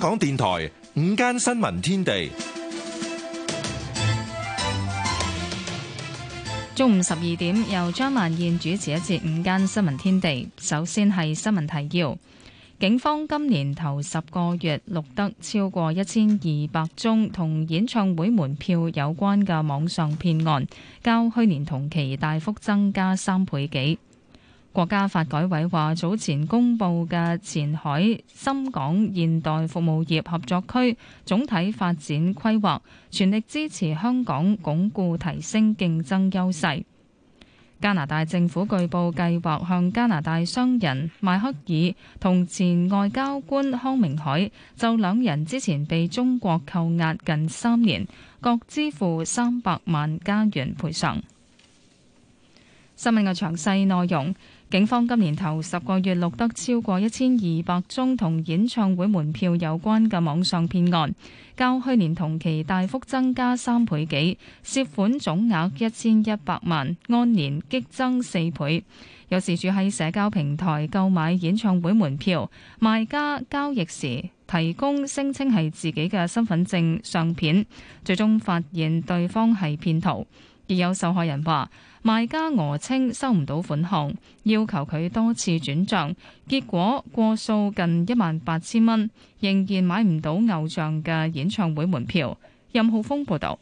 香港電台午間新聞天地，中午十二點，由張萬燕主持一節午間新聞天地。首先係新聞提要：警方今年頭十個月錄得超過一千二百宗同演唱會門票有關嘅網上騙案，較去年同期大幅增加三倍幾。國家發改委話，早前公布嘅前海深港現代服務業合作區總體發展規劃，全力支持香港鞏固提升競爭優勢。加拿大政府據報計劃向加拿大商人邁克爾同前外交官康明凱，就兩人之前被中國扣押近三年，各支付三百萬加元賠償。新聞嘅詳細內容。警方今年頭十個月錄得超過一千二百宗同演唱會門票有關嘅網上騙案，較去年同期大幅增加三倍幾，涉款總額一千一百萬，按年激增四倍。有事主喺社交平台購買演唱會門票，賣家交易時提供聲稱係自己嘅身份證相片，最終發現對方係騙徒。亦有受害人話：賣家訛稱收唔到款項，要求佢多次轉賬，結果過數近一萬八千蚊，仍然買唔到偶像嘅演唱會門票。任浩峰報道。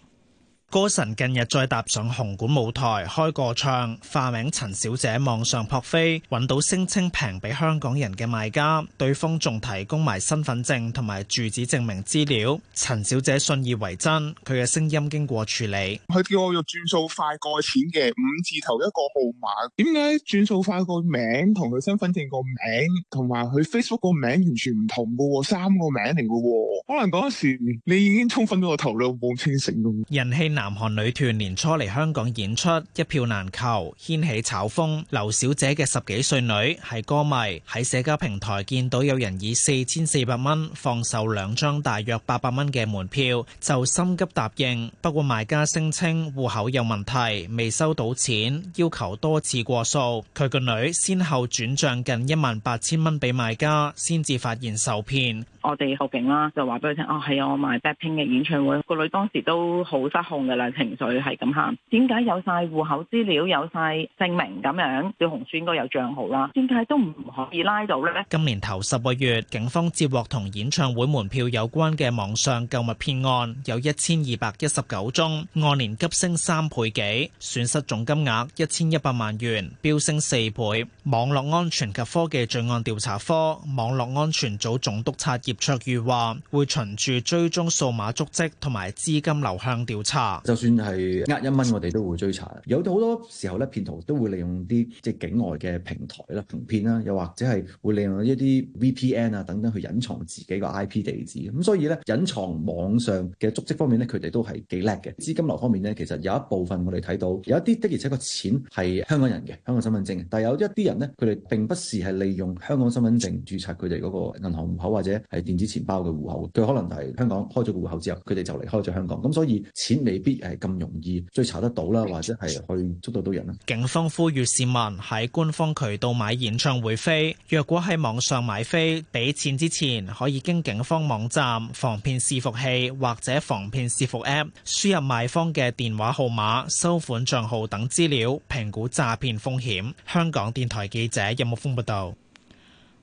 歌神近日再踏上紅館舞台開個唱，化名陳小姐網上撲飛，揾到聲稱平俾香港人嘅賣家，對方仲提供埋身份證同埋住址證明資料，陳小姐信以為真。佢嘅聲音經過處理，佢叫我用轉數快過錢嘅五字頭一個號碼。點解轉數快個名同佢身份證個名同埋佢 Facebook 個名完全唔同喎？三個名嚟喎？可能嗰時你已經沖昏咗個頭腦，冇清醒嘅。人氣。南韓女團年初嚟香港演出，一票難求，掀起炒風。劉小姐嘅十幾歲女係歌迷，喺社交平台見到有人以四千四百蚊放售兩張大約八百蚊嘅門票，就心急答應。不過賣家聲稱戶口有問題，未收到錢，要求多次過數。佢個女先後轉賬近一萬八千蚊俾賣家，先至發現受騙。我哋後邊啦，就話俾佢聽，哦，係我買 BLACKPINK 嘅演唱會。個女當時都好失控。嘅啦，情緒係咁喊。點解有晒戶口資料，有晒證明咁樣，小紅書應該有賬號啦。點解都唔可以拉到咧？今年頭十個月，警方接獲同演唱會門票有關嘅網上購物騙案有一千二百一十九宗，按年急升三倍幾，損失總金額一千一百萬元，飆升四倍。網絡安全及科技罪案調查科網絡安全組總督察葉卓裕話會循住追蹤數碼足跡同埋資金流向調查。就算係呃一蚊，我哋都會追查。有好多時候咧，騙徒都會利用啲即係境外嘅平台啦，行騙啦，又或者係會利用一啲 VPN 啊等等去隱藏自己個 IP 地址。咁所以咧，隱藏網上嘅足跡方面咧，佢哋都係幾叻嘅。資金流方面咧，其實有一部分我哋睇到有一啲的，而且個錢係香港人嘅，香港身份證。但有一啲人咧，佢哋並不是係利用香港身份證註冊佢哋嗰個銀行戶口或者係電子錢包嘅戶口。佢可能係香港開咗個戶口之後，佢哋就離開咗香港。咁所以錢未必。必係咁容易追查得到啦，或者係去捉到到人啦。警方呼籲市民喺官方渠道買演唱會飛，若果喺網上買飛俾錢之前可以經警方網站防騙伺服器或者防騙伺服 App 輸入賣方嘅電話號碼、收款賬號等資料，評估詐騙風險。香港電台記者任木峯報道。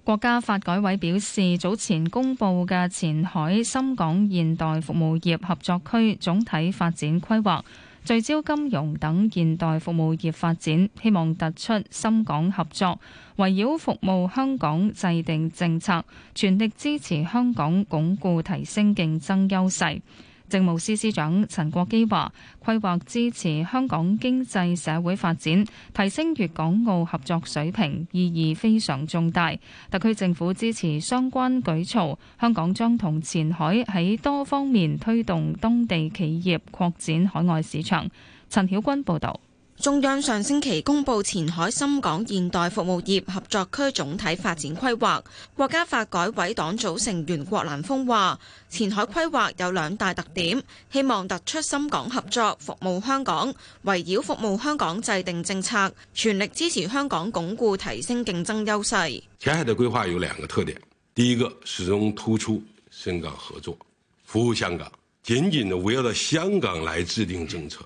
國家發改委表示，早前公布嘅前海深港現代服務業合作區總體發展規劃，聚焦金融等現代服務業發展，希望突出深港合作，圍繞服務香港制定政策，全力支持香港鞏固提升競爭優勢。政務司司長陳國基話，規劃支持香港經濟社會發展，提升粵港澳合作水平，意義非常重大。特區政府支持相關舉措，香港將同前海喺多方面推動當地企業擴展海外市場。陳曉君報道。中央上星期公布前海深港現代服務業合作區總體發展規劃，國家發改委黨組成員郭蘭峰話，前海規劃有兩大特點，希望突出深港合作，服務香港，圍繞服務香港制定政策，全力支持香港鞏固提升競爭優勢，前海的規劃有兩個特點，第一個始終突出深港合作，服務香港，緊緊的圍繞到香港來制定政策。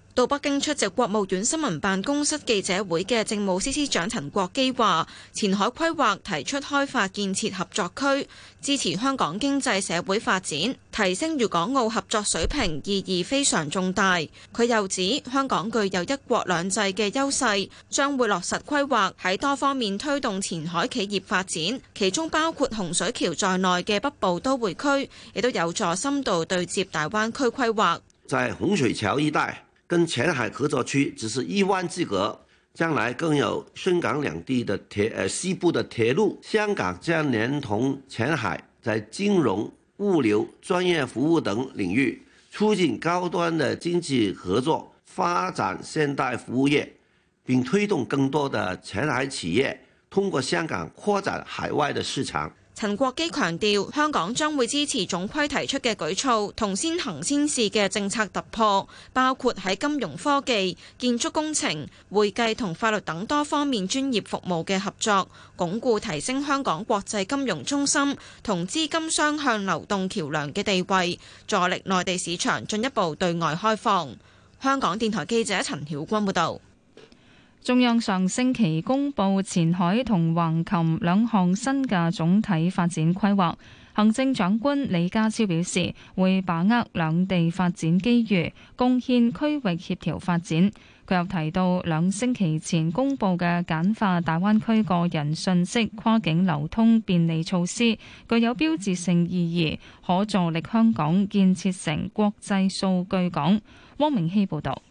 到北京出席國務院新聞辦公室記者會嘅政務司司長陳國基話，前海規劃提出開發建設合作區支持香港經濟社會發展，提升粵港澳合作水平，意義非常重大。佢又指，香港具有一國兩制嘅優勢將會落實規劃喺多方面推動前海企業發展，其中包括洪水橋在內嘅北部都會區亦都有助深度對接大灣區規劃，就係洪水橋一帶。跟前海合作區只是一灣之隔，將來更有深港兩地的鐵，呃，西部的鐵路，香港將連同前海在金融、物流、專業服務等領域，促進高端的經濟合作，發展現代服務業，並推動更多的前海企業通過香港擴展海外的市場。陳國基強調，香港將會支持總規提出嘅舉措同先行先試嘅政策突破，包括喺金融科技、建築工程、會計同法律等多方面專業服務嘅合作，鞏固提升香港國際金融中心同資金雙向流動橋樑嘅地位，助力內地市場進一步對外開放。香港電台記者陳曉君報道。中央上星期公布前海同橫琴兩項新嘅總體發展規劃，行政長官李家超表示會把握兩地發展機遇，貢獻區域協調發展。佢又提到兩星期前公布嘅簡化大灣區個人信息跨境流通便利措施具有標誌性意義，可助力香港建設成國際數據港。汪明熙報道。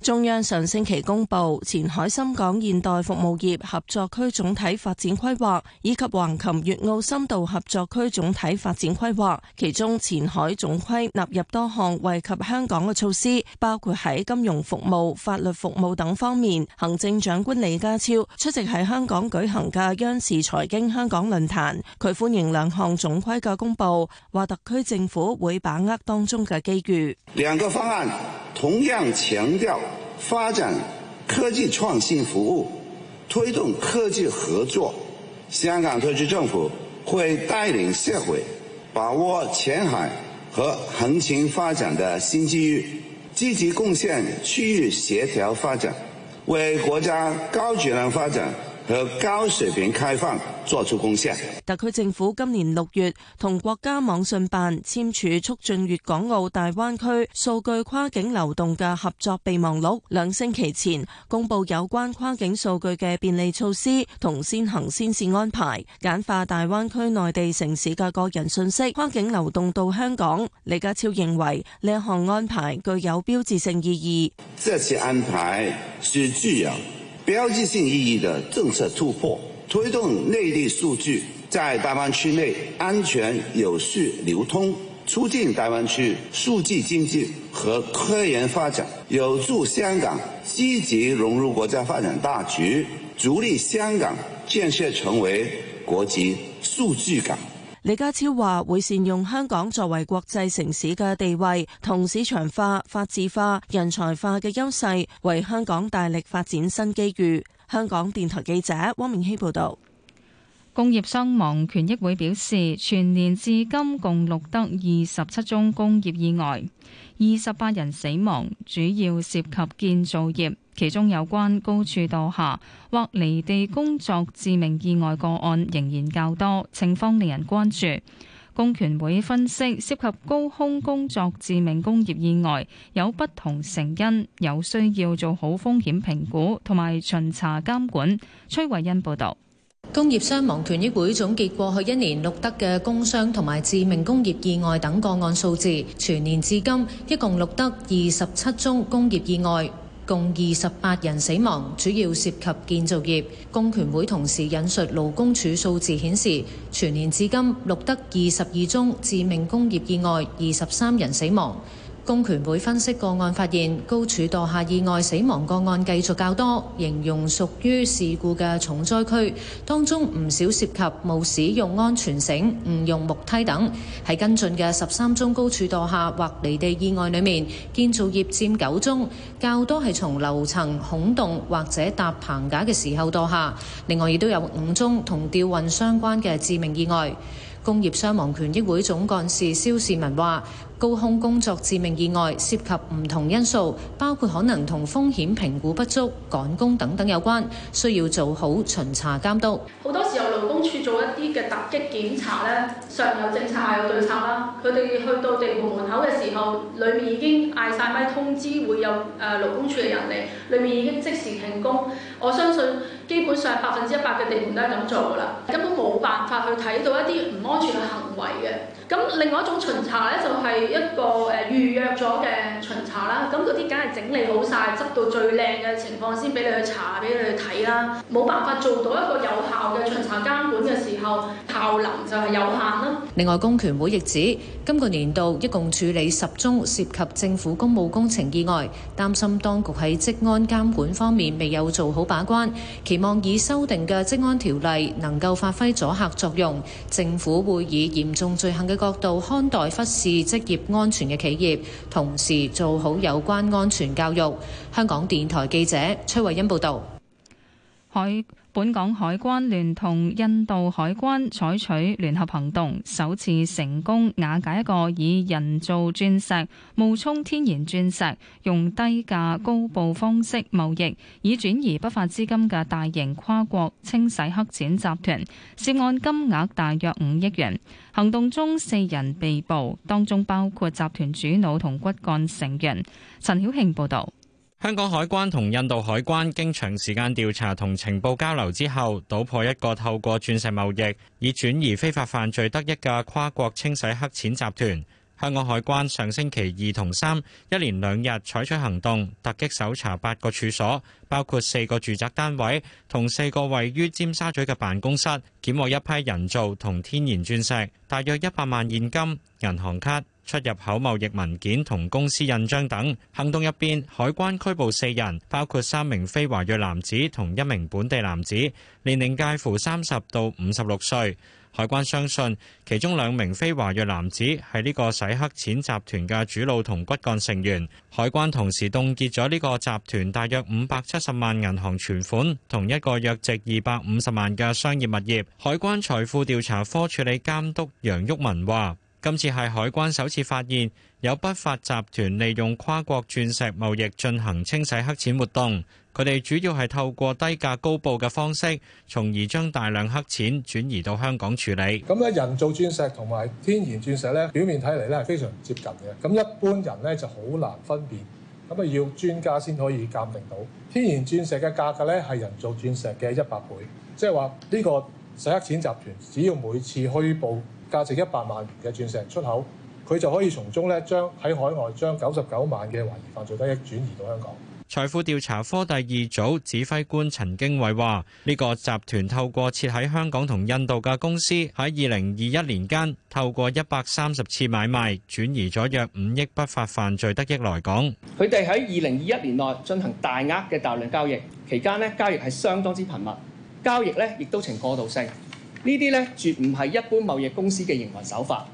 中央上星期公布前海深港現代服務業合作區總體發展規劃以及橫琴粵澳深度合作區總體發展規劃，其中前海總規納入多項惠及香港嘅措施，包括喺金融服務、法律服務等方面。行政長官李家超出席喺香港舉行嘅央視財經香港論壇，佢歡迎兩項總規嘅公布，話特區政府會把握當中嘅機遇。兩個方案。同樣強調發展科技創新服務，推動科技合作。香港特區政府會帶領社會把握前海和橫琴發展的新機遇，積極貢獻區域協調發展，為國家高質量發展。和高水平開放作出貢獻。特區政府今年六月同國家網信辦簽署促進粵港澳大灣區數據跨境流動嘅合作備忘錄，兩星期前公布有關跨境數據嘅便利措施同先行先試安排，簡化大灣區內地城市嘅個人信息跨境流動到香港。李家超認為呢項安排具有標誌性意義，這次安排是豬油。標誌性意義的政策突破，推動內地數據在大灣區內安全有序流通，促進大灣區數字經濟和科研發展，有助香港積極融入國家發展大局，助力香港建設成為國際數據港。李家超話會善用香港作為國際城市嘅地位，同市場化、法治化、人才化嘅優勢，為香港大力發展新機遇。香港電台記者汪明希報道。工業傷亡權益會表示，全年至今共錄得二十七宗工業意外，二十八人死亡，主要涉及建造業。其中有關高處墮下或離地工作致命意外個案仍然較多，情況令人關注。工權會分析涉及高空工作致命工業意外有不同成因，有需要做好風險評估同埋巡查監管。崔慧欣報導，工業傷亡權益會總結過去一年錄得嘅工傷同埋致命工業意外等個案數字，全年至今一共錄得二十七宗工業意外。共二十八人死亡，主要涉及建造業，工權會同時引述勞工處數字顯示，全年至今錄得二十二宗致命工業意外，二十三人死亡。公權會分析個案發現高處墮下意外死亡個案繼續較多形容屬於事故嘅重災區當中唔少涉及冇使用安全繩誤用木梯等喺跟進嘅13高空工作致命意外涉及唔同因素，包括可能同風險評估不足、趕工等等有關，需要做好巡查監督。好多時候勞工處做一啲嘅突擊檢查咧，上有政策下有對策啦。佢哋去到地盤門口嘅時候，裏面已經嗌曬咪通知會有誒勞工處嘅人嚟，裏面已經即時停工。我相信基本上百分之一百嘅地盤都係咁做噶啦，根本冇辦法去睇到一啲唔安全嘅行為嘅。咁另外一種巡查咧，就係一個誒預約咗嘅巡查啦。咁嗰啲梗係整理好曬，執到最靚嘅情況先俾你去查，俾你去睇啦。冇辦法做到一個有效嘅巡查監管嘅時候，效能就係有限啦。另外，工權會亦指今個年度一共處理十宗涉及政府公務工程意外，擔心當局喺職安監管方面未有做好把關，期望已修訂嘅職安條例能夠發揮阻嚇作用，政府會以嚴重罪行嘅角度看待忽視職業安全嘅企業，同時做好有關安全教育。香港電台記者崔慧欣報道。本港海關聯同印度海關採取聯合行動，首次成功瓦解一個以人造鑽石冒充天然鑽石，用低價高報方式貿易，以轉移不法資金嘅大型跨國清洗黑錢集團。涉案金額大約五億元。行動中四人被捕，當中包括集團主腦同骨幹成員。陳曉慶報道。香港海關同印度海關經長時間調查同情報交流之後，搗破一個透過鑽石貿易以轉移非法犯罪得益嘅跨國清洗黑錢集團，香港海關上星期二同三一連兩日採取行動，突擊搜查八個處所，包括四個住宅單位同四個位於尖沙咀嘅辦公室，檢獲一批人造同天然鑽石，大約一百萬現金、銀行卡。出入口貿易文件同公司印章等。行動入邊，海關拘捕四人，包括三名非華裔男子同一名本地男子，年齡介乎三十到五十六歲。海關相信其中兩名非華裔男子係呢個洗黑錢集團嘅主腦同骨幹成員。海關同時凍結咗呢個集團大約五百七十萬銀行存款，同一個約值二百五十萬嘅商業物業。海關財富調查科處理監督楊旭文話。今次係海關首次發現有不法集團利用跨國鑽石貿易進行清洗黑錢活動。佢哋主要係透過低價高報嘅方式，從而將大量黑錢轉移到香港處理。咁咧，人造鑽石同埋天然鑽石咧，表面睇嚟咧係非常接近嘅。咁一般人咧就好難分辨，咁啊要專家先可以鑑定到天然鑽石嘅價格咧係人造鑽石嘅一百倍。即係話呢個洗黑錢集團只要每次虛報，價值一百萬元嘅鑽石出口，佢就可以從中咧將喺海外將九十九萬嘅懷疑犯罪得益轉移到香港。財富調查科第二組指揮官陳經偉話：呢個集團透過設喺香港同印度嘅公司，喺二零二一年間，透過一百三十次買賣，轉移咗約五億不法犯罪得益來港。佢哋喺二零二一年內進行大額嘅大量交易，期間咧交易係相當之頻密，交易咧亦都呈過渡性。呢啲呢，絕唔係一般貿易公司嘅營運手法。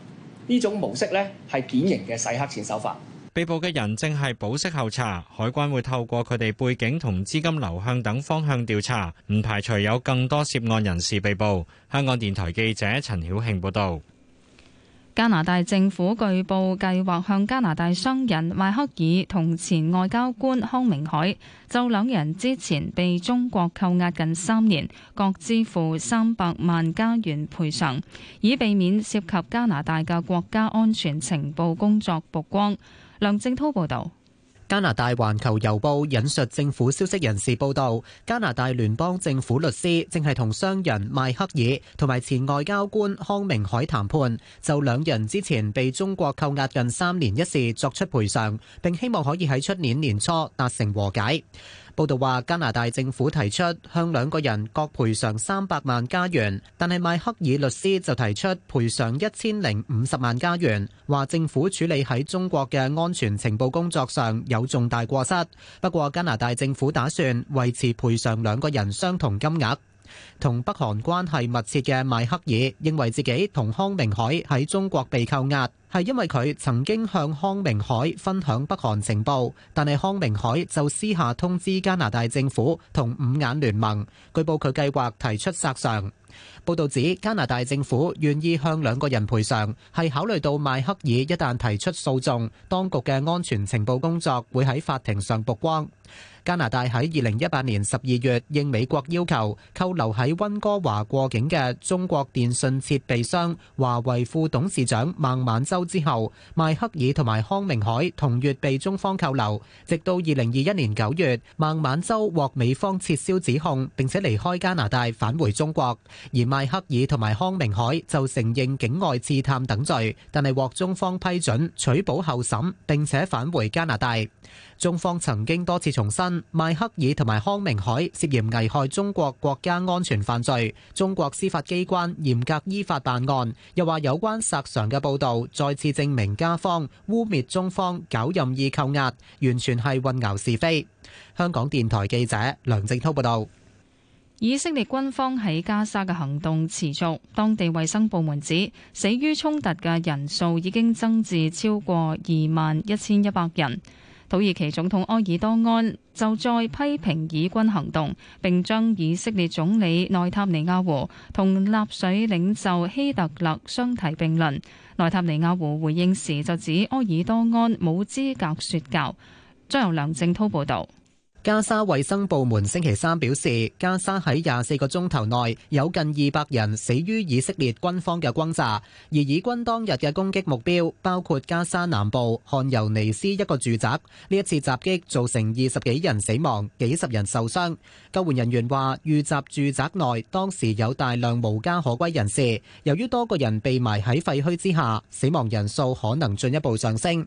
呢種模式呢，係典型嘅洗黑錢手法。被捕嘅人正係保釋候查，海關會透過佢哋背景同資金流向等方向調查，唔排除有更多涉案人士被捕。香港電台記者陳曉慶報道。加拿大政府據報計劃向加拿大商人邁克爾同前外交官康明凱，就兩人之前被中國扣押近三年，各支付三百萬加元賠償，以避免涉及加拿大嘅國家安全情報工作曝光。梁正滔報道。加拿大環球郵報引述政府消息人士報導，加拿大聯邦政府律師正係同商人邁克爾同埋前外交官康明凱談判，就兩人之前被中國扣押近三年一事作出賠償，並希望可以喺出年年初達成和解。報道話，加拿大政府提出向兩個人各賠償三百萬加元，但係麥克爾律師就提出賠償一千零五十萬加元，話政府處理喺中國嘅安全情報工作上有重大過失。不過，加拿大政府打算維持賠償兩個人相同金額。同北韓關係密切嘅邁克爾認為自己同康明凱喺中國被扣押，係因為佢曾經向康明凱分享北韓情報，但係康明凱就私下通知加拿大政府同五眼聯盟，據報佢計，計劃提出索償。報道指加拿大政府願意向兩個人賠償，係考慮到邁克爾一旦提出訴訟，當局嘅安全情報工作會喺法庭上曝光。加拿大喺二零一八年十二月應美國要求扣留喺温哥華過境嘅中國電信設備商華為副董事長孟晚舟之後，邁克爾同埋康明凱同月被中方扣留，直到二零二一年九月，孟晚舟獲美方撤銷指控，並且離開加拿大返回中國。而邁克爾同埋康明海就承認境外刺探等罪，但係獲中方批准取保候審並且返回加拿大。中方曾經多次重申邁克爾同埋康明海涉嫌危害中國國家安全犯罪，中國司法機關嚴格依法辦案，又話有關尺常嘅報道，再次證明加方污蔑中方搞任意扣押完全係混淆是非。香港電台記者梁正滔報道。以色列軍方喺加沙嘅行動持續，當地衛生部門指死於衝突嘅人數已經增至超過二萬一千一百人。土耳其總統埃爾多安就再批評以軍行動，並將以色列總理內塔尼亞胡同納粹領袖希特勒相提並論。內塔尼亞胡回應時就指埃爾多安冇資格説教。將由梁正滔報導。加沙衛生部門星期三表示，加沙喺廿四個鐘頭內有近二百人死於以色列軍方嘅轟炸，而以軍當日嘅攻擊目標包括加沙南部漢尤尼斯一個住宅。呢一次襲擊造成二十幾人死亡，幾十人受傷。救援人員話，遇襲住宅內當時有大量無家可歸人士，由於多個人被埋喺廢墟之下，死亡人數可能進一步上升。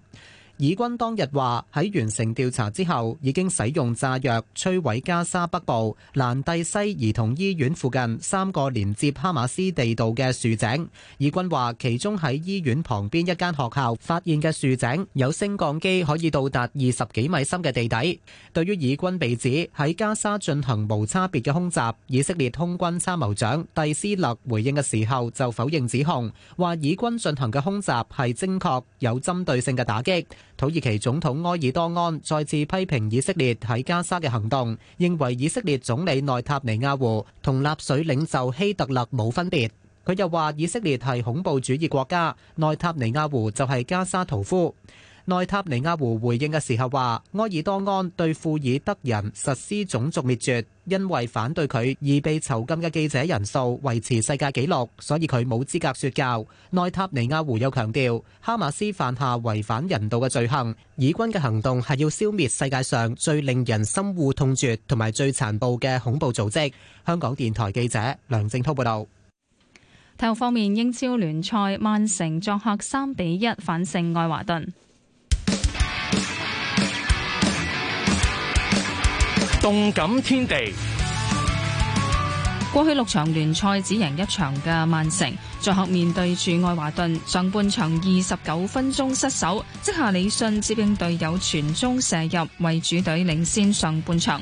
以軍當日話喺完成調查之後，已經使用炸藥摧毀加沙北部蘭蒂西兒童醫院附近三個連接哈馬斯地道嘅樹井。以軍話，其中喺醫院旁邊一間學校發現嘅樹井有升降機可以到達二十幾米深嘅地底。對於以軍被指喺加沙進行無差別嘅空襲，以色列空軍參謀長蒂斯勒回應嘅時候就否認指控，話以軍進行嘅空襲係精確有針對性嘅打擊。土耳其總統埃爾多安再次批評以色列喺加沙嘅行動，認為以色列總理內塔尼亞胡同納粹領袖希特勒冇分別。佢又話以色列係恐怖主義國家，內塔尼亞胡就係加沙屠夫。內塔尼亞胡回應嘅時候話，埃爾多安對庫爾德人實施種族滅絕，因為反對佢而被囚禁嘅記者人數維持世界紀錄，所以佢冇資格說教。內塔尼亞胡又強調，哈馬斯犯下違反人道嘅罪行，以軍嘅行動係要消滅世界上最令人深惡痛絕同埋最殘暴嘅恐怖組織。香港電台記者梁正濤報道。體育方面，英超聯賽曼城作客三比一反勝愛華頓。動感天地，過去六場聯賽只贏一場嘅曼城，最後面對住愛華頓，上半場二十九分鐘失守，即下李信接應隊友傳中射入，為主隊領先上半場。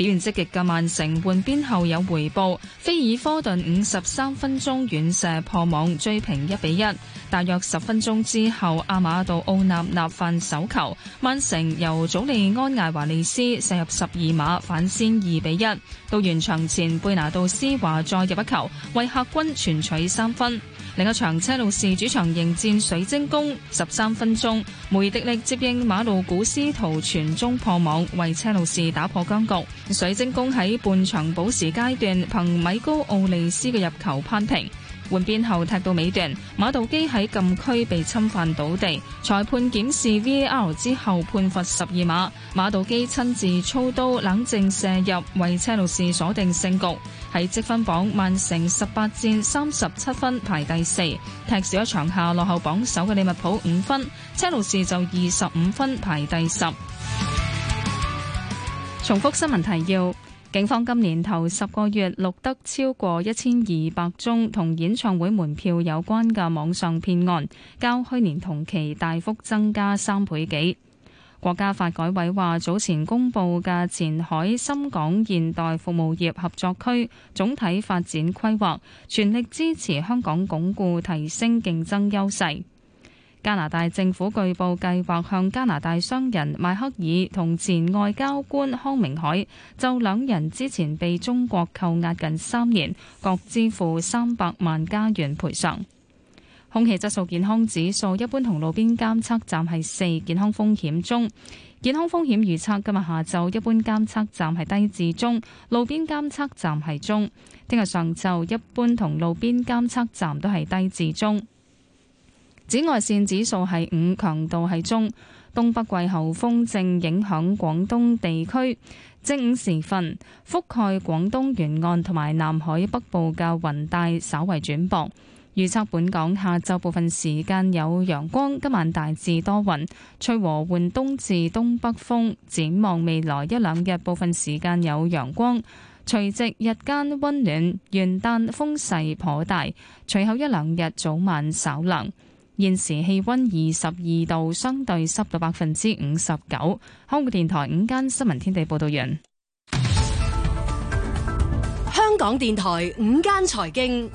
表現積極嘅曼城換邊後有回報，菲爾科頓五十三分鐘遠射破網追平一比一。大約十分鐘之後，阿馬杜奧納納犯手球，曼城由祖利安艾華利斯射入十二碼反先二比一。到完場前，貝拿多斯華再入一球，為客軍全取三分。另一場車路士主場迎戰水晶宮，十三分鐘，梅迪力接應馬路古斯圖傳中破網，為車路士打破僵局。水晶宮喺半場補時階段憑米高奧利斯嘅入球扳平。換邊後踢到尾段，馬道基喺禁區被侵犯倒地，裁判檢視 VAR 之後判罰十二碼，馬道基親自操刀冷靜射入，為車路士鎖定勝局。喺積分榜，曼城十八戰三十七分排第四，踢少一場下落後榜首嘅利物浦五分，車路士就二十五分排第十。重複新聞提要。警方今年頭十個月錄得超過一千二百宗同演唱會門票有關嘅網上騙案，較去年同期大幅增加三倍幾。國家發改委話，早前公布嘅前海深港現代服務業合作區總體發展規劃，全力支持香港鞏固提升競爭優勢。加拿大政府據報計劃向加拿大商人麥克爾同前外交官康明凱就兩人之前被中國扣押近三年，各支付三百萬加元賠償。空氣質素健康指數一般同路邊監測站係四，健康風險中。健康風險預測今日下晝一般監測站係低至中，路邊監測站係中。聽日上晝一般同路邊監測站都係低至中。紫外線指數係五，強度係中。東北季候風正影響廣東地區。正午時分，覆蓋廣東沿岸同埋南海北部嘅雲帶稍為轉薄。預測本港下晝部分時間有陽光，今晚大致多雲，吹和緩東至東北風。展望未來一兩日，部分時間有陽光，隨即日間溫暖。元旦風勢頗大，隨後一兩日早晚稍冷。現時氣溫二十二度，相對濕度百分之五十九。香港電台午間新聞天地報道員，香港電台午間財經，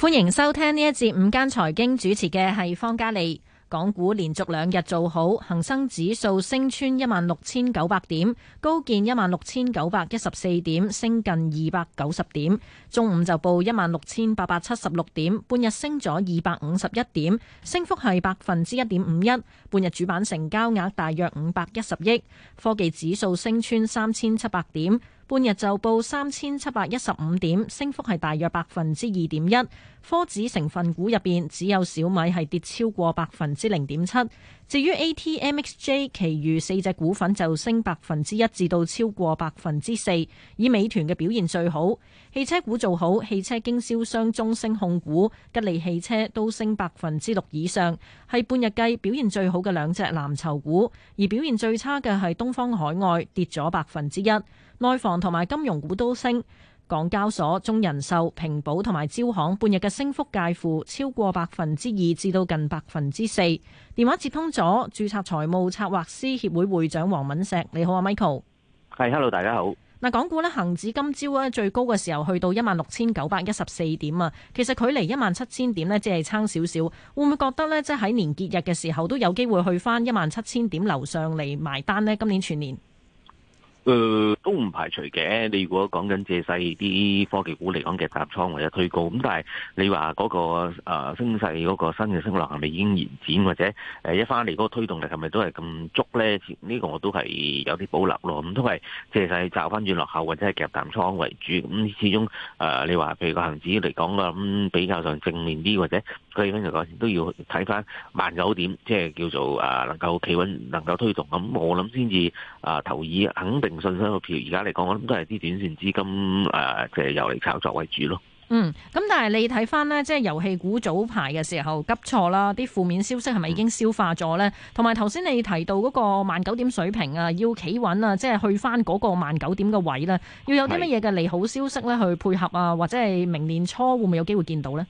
歡迎收聽呢一節午間財經，主持嘅係方嘉利。港股連續兩日做好，恒生指數升穿一萬六千九百點，高見一萬六千九百一十四點，升近二百九十點。中午就報一萬六千八百七十六點，半日升咗二百五十一點，升幅係百分之一點五一。半日主板成交額大約五百一十億，科技指數升穿三千七百點。半日就報三千七百一十五點，升幅係大約百分之二點一。科指成分股入邊只有小米係跌超過百分之零點七。至於 A T M X J，其餘四隻股份就升百分之一至到超過百分之四。以美團嘅表現最好，汽車股做好，汽車經銷商中升控股、吉利汽車都升百分之六以上，係半日計表現最好嘅兩隻藍籌股。而表現最差嘅係東方海外，跌咗百分之一。內房同埋金融股都升，港交所、中人壽、平保同埋招行半日嘅升幅介乎超過百分之二至到近百分之四。電話接通咗註冊財務策劃師協會會長黃敏石，你好啊，Michael。係，hello，大家好。嗱，港股咧，恆指今朝咧最高嘅時候去到一萬六千九百一十四點啊，其實距離 17, 一萬七千點咧只係差少少。會唔會覺得咧，即係喺年結日嘅時候都有機會去返一萬七千點樓上嚟埋單呢？今年全年。誒、呃、都唔排除嘅，你如果講緊借勢啲科技股嚟講夾淡倉或者推高，咁但係你話嗰、那個升、呃、勢嗰個新嘅升浪係咪已經延展或者一翻嚟嗰個推動力係咪都係咁足咧？呢、這個我都係有啲保留咯。咁都係借勢抓翻轉落後或者係夾淡倉為主。咁、嗯、始終誒、呃、你話譬如個恆指嚟講啦，咁比較上正面啲或者。所以嚟講都要睇翻萬九點，即係叫做誒能夠企穩、能夠推動咁，我諗先至啊投以肯定信心嘅票。而家嚟講，我諗都係啲短線資金誒，即係由嚟炒作為主咯。嗯，咁但係你睇翻呢，即係遊戲股早排嘅時候急挫啦，啲負面消息係咪已經消化咗呢？同埋頭先你提到嗰個萬九點水平啊，要企穩啊，即係去翻嗰個萬九點嘅位咧，要有啲乜嘢嘅利好消息呢？去配合啊？或者係明年初會唔會有機會見到呢？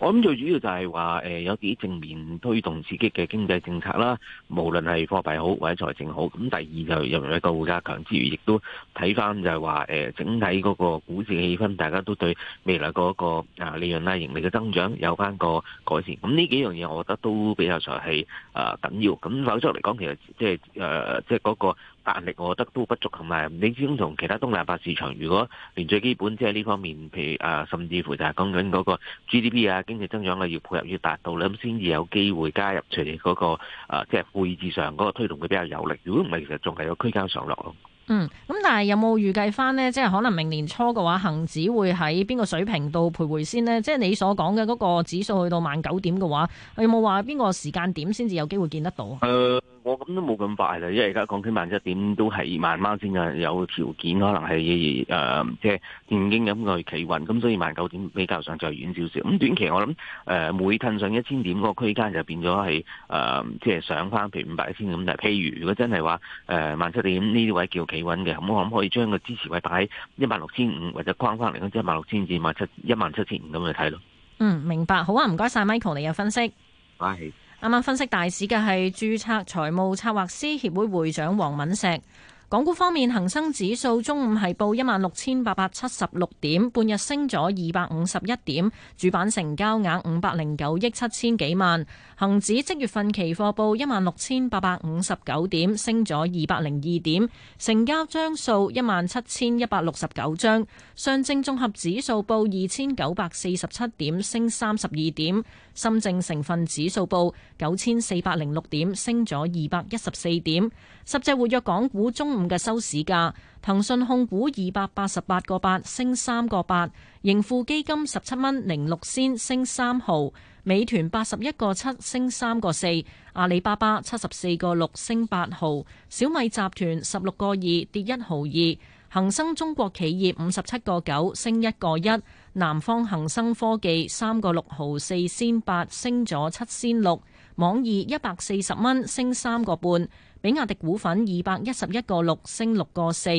我諗最主要就係話誒有幾正面推動刺激嘅經濟政策啦，無論係貨幣好或者財政好，咁第二就人民幣個匯價強之餘，亦都睇翻就係話誒整體嗰個股市氣氛，大家都對未來嗰個啊利潤啦、盈利嘅增長有翻個改善，咁呢幾樣嘢我覺得都比較上係啊緊要，咁否則嚟講其實即係誒即係嗰個。壓力我覺得都不足，同埋你始終同其他東南亞市場，如果連最基本即係呢方面，譬如誒，甚至乎就係講緊嗰個 GDP 啊，經濟增長啦，要配合要達到咁先至有機會加入出、嗰個，除嗰個誒，即係配置上嗰個推動會比較有力。如果唔係，其實仲係有區間上落咯。嗯，咁但係有冇預計翻呢？即係可能明年初嘅話，恒指會喺邊個水平度徘徊先呢？即係你所講嘅嗰個指數去到萬九點嘅話，有冇話邊個時間點先至有機會見得到？呃我咁都冇咁快啦，因為而家講緊萬七點都係慢慢先有條件可能係誒，即係現經咁去企穩，咁所以萬九點比較上再遠少少。咁短期我諗，呃、每騰上一千點嗰個區間就變咗係誒，即、呃、係、就是、上翻譬如五百一千點咁。但係譬如如果真係話誒萬七點呢啲位叫企穩嘅，可唔可以將個支持位擺喺一萬六千五或者框翻嚟一萬六千至萬七一萬七千五咁去睇咯。嗯，明白。好啊，唔該晒 Michael，你有分析。Bye. 啱啱分析大市嘅係注冊財務策劃師協會會長黃敏石。港股方面，恒生指數中午係報一萬六千八百七十六點，半日升咗二百五十一點，主板成交額五百零九億七千幾萬。恒指即月份期貨報一萬六千八百五十九點，升咗二百零二點，成交張數一萬七千一百六十九張。上證綜合指數報二千九百四十七點，升三十二點。深證成分指數報九千四百零六點，升咗二百一十四點。十隻活躍港股中午嘅收市價：騰訊控股二百八十八個八，升三個八；盈富基金十七蚊零六仙，升三毫；美團八十一個七，升三個四；阿里巴巴七十四個六，升八毫；小米集團十六個二，跌一毫二；恒生中國企業五十七個九，升一個一。南方恒生科技三個六毫四仙八升咗七仙六，網易一百四十蚊升三個半，比亞迪股份二百一十一個六升六個四，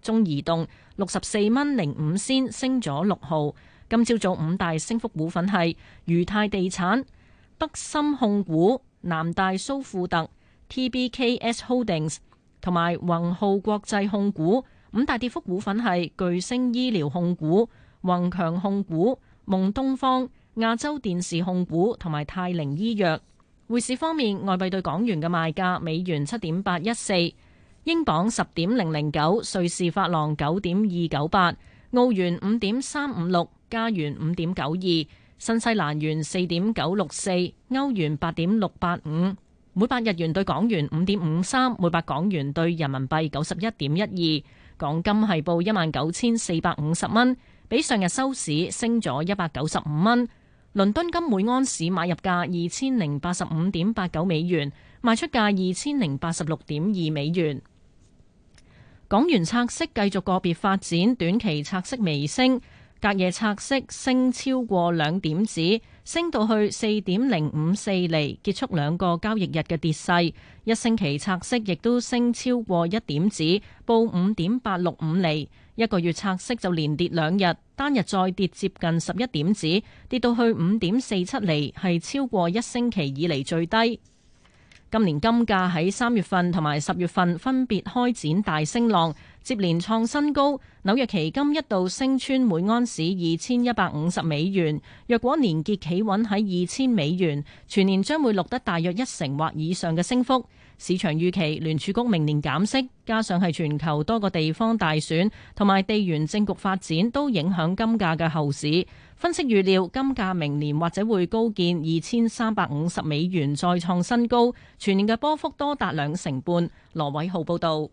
中移動六十四蚊零五仙升咗六毫。今朝早五大升幅股份係如泰地產、北深控股、南大蘇富特、T B K S Holdings 同埋宏浩國際控股。五大跌幅股份係巨星醫療控股、宏強控股、夢東方、亞洲電視控股同埋泰寧醫藥。匯市方面，外幣對港元嘅賣價：美元七點八一四，英鎊十點零零九，瑞士法郎九點二九八，澳元五點三五六，加元五點九二，新西蘭元四點九六四，歐元八點六八五，每百日元對港元五點五三，每百港元對人民幣九十一點一二。港金係報一萬九千四百五十蚊。比上日收市升咗一百九十五蚊。倫敦金每盎司買入價二千零八十五點八九美元，賣出價二千零八十六點二美元。港元拆息繼續個別發展，短期拆息微升，隔夜拆息升超過兩點子，升到去四點零五四厘，結束兩個交易日嘅跌勢。一星期拆息亦都升超過一點子，報五點八六五厘。一個月拆息就連跌兩日，單日再跌接近十一點止，指跌到去五點四七厘，係超過一星期以嚟最低。今年金價喺三月份同埋十月份分別開展大升浪，接連創新高。紐約期金一度升穿每安士二千一百五十美元。若果年結企穩喺二千美元，全年將會錄得大約一成或以上嘅升幅。市場預期聯儲局明年減息，加上係全球多個地方大選同埋地緣政局發展都影響金價嘅後市。分析預料金價明年或者會高見二千三百五十美元再創新高，全年嘅波幅多達兩成半。羅偉浩報導。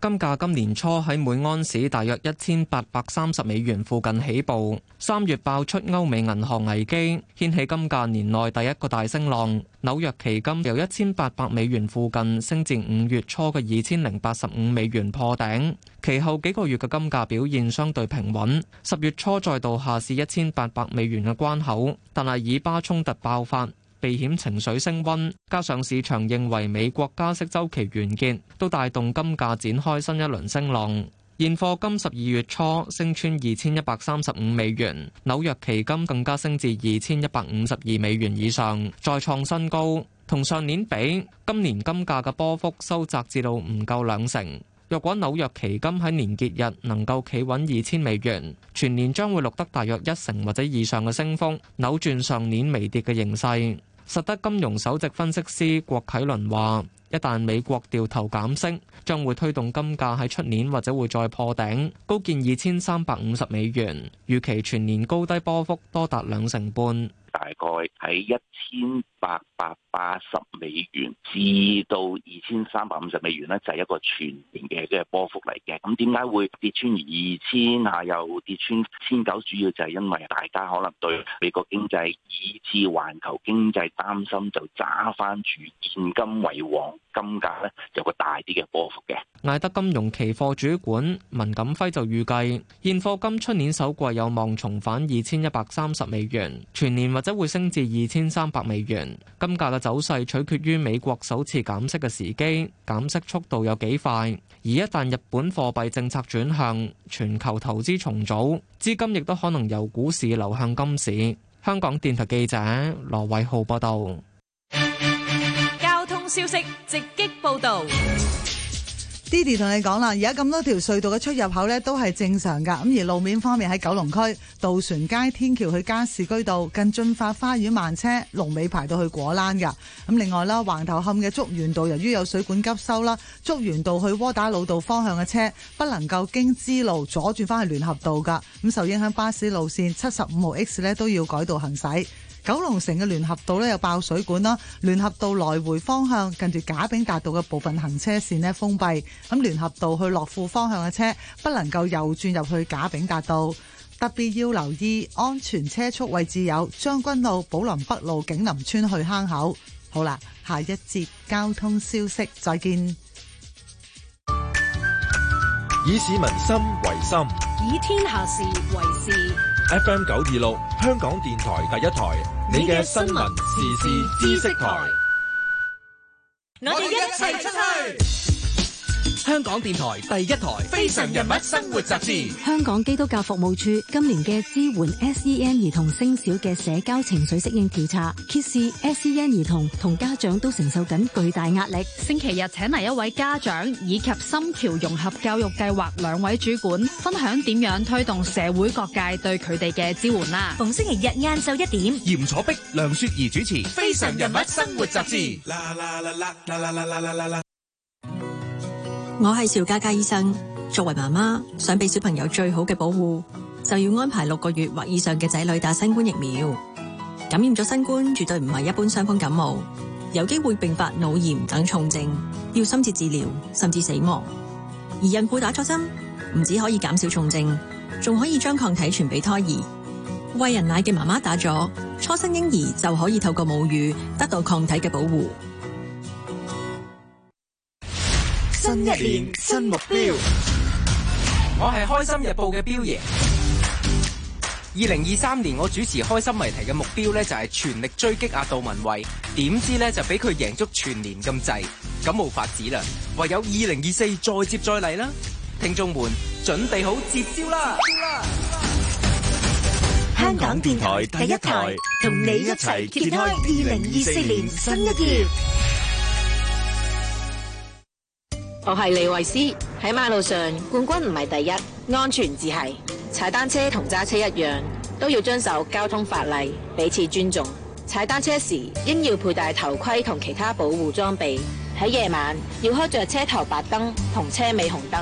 金價今年初喺每安士大約一千八百三十美元附近起步，三月爆出歐美銀行危機，掀起金價年內第一個大升浪。紐約期金由一千八百美元附近升至五月初嘅二千零八十五美元破頂，其後幾個月嘅金價表現相對平穩。十月初再度下試一千八百美元嘅關口，但係以巴衝突爆發。避險情緒升溫，加上市場認為美國加息周期完結，都帶動金價展開新一輪升浪。現貨金十二月初升穿二千一百三十五美元，紐約期金更加升至二千一百五十二美元以上，再創新高。同上年比，今年金價嘅波幅收窄至到唔夠兩成。若果紐約期金喺年結日能夠企穩二千美元，全年將會錄得大約一成或者以上嘅升幅，扭轉上年微跌嘅形勢。實德金融首席分析師郭啟倫話，一旦美國掉頭減息，將會推動金價喺出年或者會再破頂，高見二千三百五十美元，預期全年高低波幅多達兩成半。大概喺一千八百八十美元至到二千三百五十美元咧，就係一個全年嘅嘅波幅嚟嘅。咁點解會跌穿二千啊？又跌穿千九，主要就係因為大家可能對美國經濟以至環球經濟擔心，就揸翻住現金為王，金價咧，就個大啲嘅波幅嘅。艾德金融期貨主管文錦輝就預計現貨金出年首季有望重返二千一百三十美元，全年，或者會升至二千三百美元。金價嘅走勢取決於美國首次減息嘅時機，減息速度有幾快。而一旦日本貨幣政策轉向，全球投資重組，資金亦都可能由股市流向金市。香港電台記者羅偉浩報道。交通消息直擊報道。Didi 同你講啦，而家咁多條隧道嘅出入口呢都係正常噶，咁而路面方面喺九龍區渡船街天橋去加士居道，近駿發花園慢車龍尾排到去果欄噶，咁另外啦，橫頭磡嘅竹園道由於有水管急修啦，竹園道去窩打老道方向嘅車不能夠經支路左轉翻去聯合道噶，咁受影響巴士路線七十五號 X 呢都要改道行駛。九龍城嘅聯合道咧有爆水管啦，聯合道來回方向近住賈炳達道嘅部分行車線呢，封閉，咁聯合道去樂富方向嘅車不能夠右轉入去賈炳達道，特別要留意安全車速位置有將軍路、寶林北路、景林村去坑口。好啦，下一節交通消息再見。以市民心為心，以天下事為事。FM 九二六，香港電台第一台，你嘅新聞時事知識台。我哋一齊出去。香港電台第一台《非常人物生活雜誌》，香港基督教服務處今年嘅支援 SEN 兒童升小嘅社交情緒適應調查揭示 SEN 兒童同家長都承受緊巨大壓力。星期日請嚟一位家長以及心橋融合教育計劃兩位主管，分享點樣推動社會各界對佢哋嘅支援啦。逢星期日晏晝一點，嚴楚碧、梁雪兒主持《非常人物生活雜誌》啦啦啦啦。啦啦啦啦我係邵嘉嘉醫生。作為媽媽，想俾小朋友最好嘅保護，就要安排六個月或以上嘅仔女打新冠疫苗。感染咗新冠，絕對唔係一般傷風感冒，有機會併發腦炎等重症，要深切治療，甚至死亡。而孕婦打咗針，唔止可以減少重症，仲可以將抗體傳俾胎兒。喂人奶嘅媽媽打咗，初生嬰兒就可以透過母乳得到抗體嘅保護。新一年新目標，我係開心日報嘅標爺。二零二三年我主持開心謎題嘅目標呢，就係、是、全力追擊阿、啊、杜文慧。點知呢，就俾佢贏足全年咁滯，咁冇法子啦。唯有二零二四再接再厲啦！聽眾們準備好接招、招、招啦！香港電台第一台同你一齊揭開二零二四年新一頁。我係李慧詩，喺馬路上冠軍唔係第一，安全至係踩單車同揸車一樣，都要遵守交通法例，彼此尊重。踩單車時應要佩戴頭盔同其他保護裝備。喺夜晚要開着車頭白燈同車尾紅燈。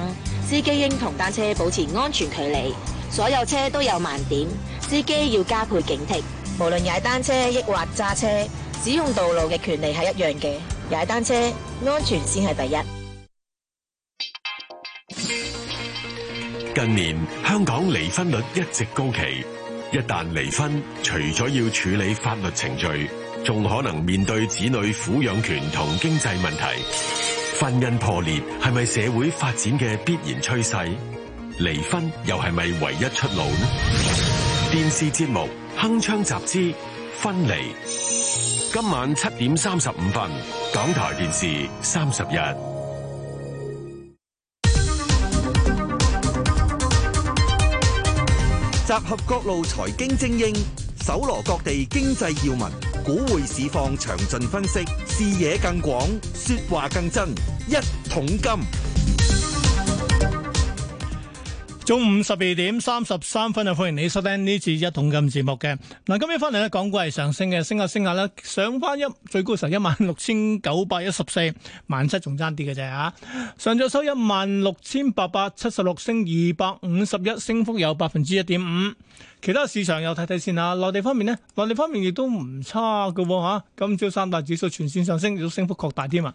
司機應同單車保持安全距離。所有車都有盲點，司機要加倍警惕。無論踩單車抑或揸車，使用道路嘅權利係一樣嘅。踩單車安全先係第一。近年香港離婚率一直高企，一旦離婚，除咗要處理法律程序，仲可能面對子女撫養權同經濟問題。婚姻破裂係咪社會發展嘅必然趨勢？離婚又係咪唯一出路呢？電視節目《鏗鏘集資》分離，今晚七點三十五分，港台電視三十一。集合各路財經精英，搜羅各地經濟要聞，股匯市況詳盡分析，視野更廣，說話更真，一桶金。中午十二點三十三分啊，歡迎你收聽呢次一桶金節目嘅。嗱，今日翻嚟咧，港股係上升嘅，升下升下咧，上翻一最高時一萬六千九百一十四萬七，仲爭啲嘅啫吓。上晝收一萬六千八百七十六，升二百五十一，升幅有百分之一點五。其他市場又睇睇先吓。內地方面咧，內地方面亦都唔差㗎吓。今朝三大指數全綫上升，亦都升幅擴大添啊。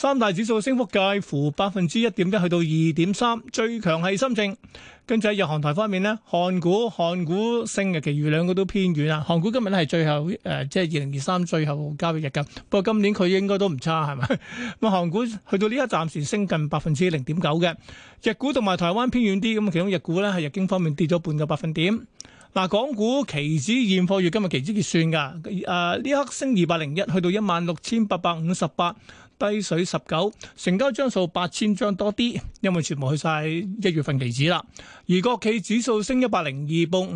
三大指數升幅介乎百分之一點一去到二點三，最強係深圳。跟住喺日韓台方面呢，韓股、韓股升嘅，其餘兩個都偏遠啊。韓股今日係最後誒，即係二零二三最後交易日㗎。不過今年佢應該都唔差係咪？咁、嗯、韓股去到呢一刻暫時升近百分之零點九嘅，日股同埋台灣偏遠啲咁，其中日股呢係日經方面跌咗半個百分點。嗱、呃，港股期指現貨月今日期指結算㗎，誒、呃、呢一刻升二百零一去到一萬六千八百五十八。低水十九，成交張數八千張多啲，因為全部去晒一月份期指啦。而國企指數升一百零二半。